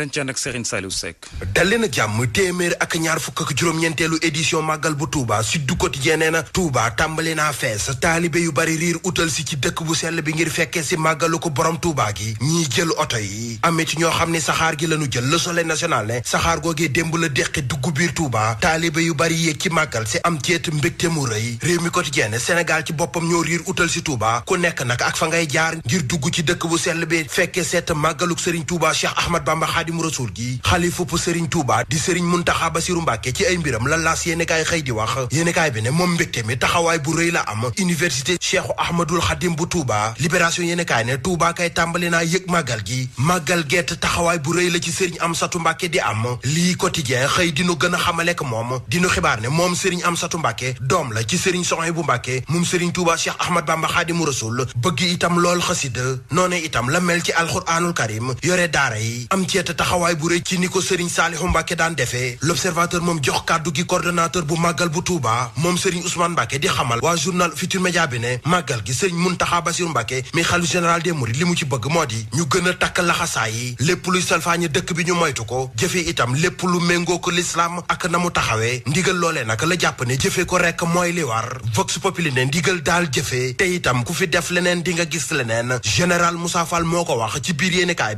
dañ ci ànd ak Serigne Saliou Seck dale na jàmm téeméer ak ñaar fukk ak juróom-ñeenteelu édition màggal bu Touba Sud du Quotidien nee na Touba tàmbali naa fees taalibe yu bari riir utal si ci dëkk bu sell bi ngir fekkee si màggalu ko borom Touba gi ñiy jël oto yi amee ci ñoo xam ne saxaar gi lañu jël le soleil national ne saxaar googee démb la déqi dugg biir Touba yu bari yéeg ci màggal si am ceet mbégte mu rëy réew mi Quotidien ne ci boppam ñoo riir utal si Touba ku nekk nag ak fa ngay jaar ngir dugg ci dëkk bu sell bi fekkee seet màggaluk Serigne Touba Cheikh Ahmad Bamba xaadim rasul gi xalifup sëriñ Touba di sëriñ Muntaxa Basiru Mbàkke ci ay mbiram la laas yéenekaay xëy di wax yéenekaay bi ne moom mbégte mi taxawaay bu rëy la am université Cheikhu Ahmadul Xadim bu Touba libération yéenekaay ne Touba kay tàmbali naa yëg màggal gi màggal gett taxawaay bu rëy la ci sëriñ Amsatu Mbàkke di am lii quotidien xëy dinu gën a xamalek moom dinu xibaar ne moom sëriñ Amsatu Mbàkke doom la ci sëriñ Sohaybu Mbàkke moom sëriñ Touba Cheikh Ahmad Bamba Xaadimu Rasul bëgg itam lool xasida noone la mel ci alxuraanul karim yore daara yi taxawaay bu rëy ci ni ko Serigne Saliou Mbacke daan defee l'observateur moom jox kàddu gi coordonnateur bu màggal bu Touba moom Serigne Ousmane Mbacke di xamal waa journal Futur Média bi ne màggal gi Serigne Mountakha Bassirou Mbacke mi xalifa général des mourides li mu ci bëgg moo di ñu gën a takk laxasaay yi lépp luy salfaañe dëkk bi ñu moytu ko jëfe itam lépp lu méngoo ko lislaam ak na mu taxawee ndigal loolee nag la jàpp ne jëfe ko rekk mooy li war vox populi ne ndigal daal jëfe te itam ku fi def leneen di nga gis leneen général Moussa moo ko wax ci biir yéenekaay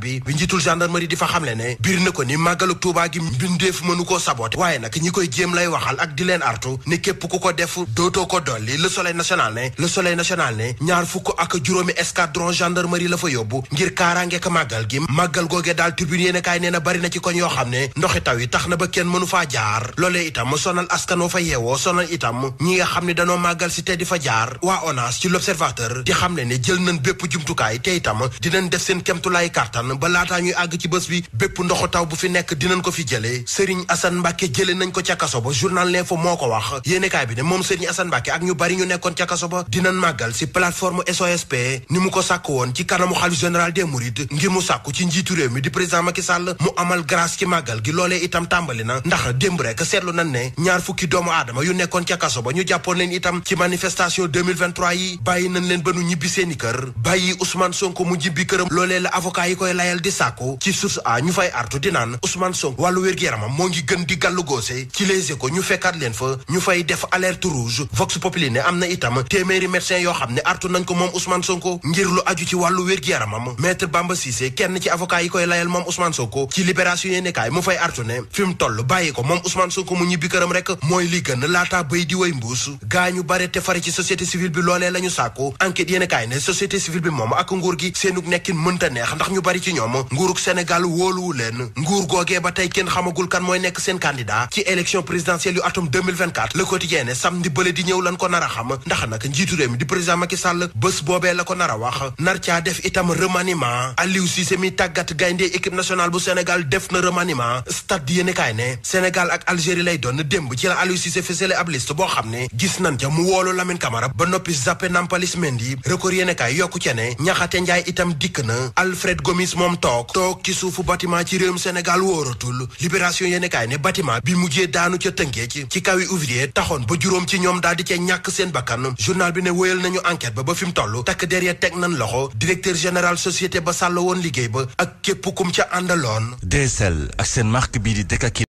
ne ne biir na ko ni màggalu Tuubaa gi mbindeef mënu koo sabote waaye nag ñi koy jéem lay waxal ak di leen artu ne képp ku ko def dootoo ko dolli le soleil national ne le soleil national ne ñaar fukk ak juróomi escadron gendarmerie la fa yóbbu ngir kaaraange ak màggal gi màggal googee daal turbine yéen kaay nee na bari na ci koñ yoo xam ne ndoxi taw yi tax na ba kenn mënu faa jaar loolee itam sonal askan woo fa yeewoo sonal itam ñi nga xam ne danoo màggal si te di fa jaar waa ONAS ci l'observateur di xam ne ne jël nañ bépp jumtukaay te itam dinañ def seen kemtulaay kàttan ba laataa ñuy àgg ci bés bi bépp ndoxu taw bu fi nekk dinañ ko fi jëlee Serigne Assane Mbacke jëlee nañ ko ca kaso ba journal L'Info moo ko wax yéenekaay bi ne moom Serigne Assane Mbacke ak ñu bari ñu nekkoon ca kaso ba dinañ màggal si plateforme SOSP ni mu ko sàkk woon ci kanamu xalif général des Mourides ngir mu sàkku ci njiitu réew mi di président Macky Sall mu amal grâce ci màggal gi loolee itam na ndax démb rek seetlu nañ ne ñaar fukki doomu aadama yu nekkoon ca kaso ba ñu jàppoon leen itam ci manifestation 2023 yi bàyyi nañ leen ba nu ñibbi seeni kër bàyyi Ousmane Sonko mu jibbi këram loolee la avocat yi koy layal di sàkku ci source a ñu fay artu di naan Ousmane Sonko wàllu wér-gu-yaramam moo ngi gën di gàllu góose ci Les Échos ñu fekkaat leen fa ñu fay def alerte rouge Vox Populi am na itam téeméeri médecin yoo xam ne artu nañ ko moom Ousmane Sonko ngir lu aju ci wàllu wér-gu-yaramam maître Bamba Cissé kenn ci avocat yi koy layal moom Ousmane Sonko ci libération yéenekaay mu fay artu ne fi mu toll bàyyi ko moom Ousmane Sonko mu ñibbi këram rek mooy li gën laata bay di way mbuus gaa ñu bare te fare ci société civile bi loolee la ñu sàkku enquête yéenekaay ne société civile bi moom ak nguur gi seenug nekkin mënta neex ndax ñu bari ci ñoom nguurug Sénégal wóor wóoluwu leen nguur googee ba tey kenn xamagul kan mooy nekk seen candidat ci élection présidentielle yu atum 2024 le quotidien ne samedi bële di ñëw lan ko nar a xam ndax nag njiitu réew mi di a mi tàggat gaynde équipe nationale bu Sénégal def na remaniement stade di yéenekaay ne Sénégal ak Algérie lay doon démb ci la Aliou Cissé fësale ab liste boo xam ne gis nañ ca mu woolu Lamine Camara ba noppi zappe Nampalys Mendy record yéenekaay yokku ca ne Niakhaté Ndiaye bâtiment ci réewum Sénégal wóoratul libération yéen kaay ne bâtiment bi mujjee daanu ca tënkee ci ci kaw yi ouvrier taxoon ba juróom ci ñoom daal di ca ñàkk seen bakkan journal bi ne wéyal nañu enquête ba ba fi mu toll takk derrière teg nañ loxo directeur général société ba sàll woon liggéey ba ak képp kum ca àndaloon DSL ak seen marque bii di kii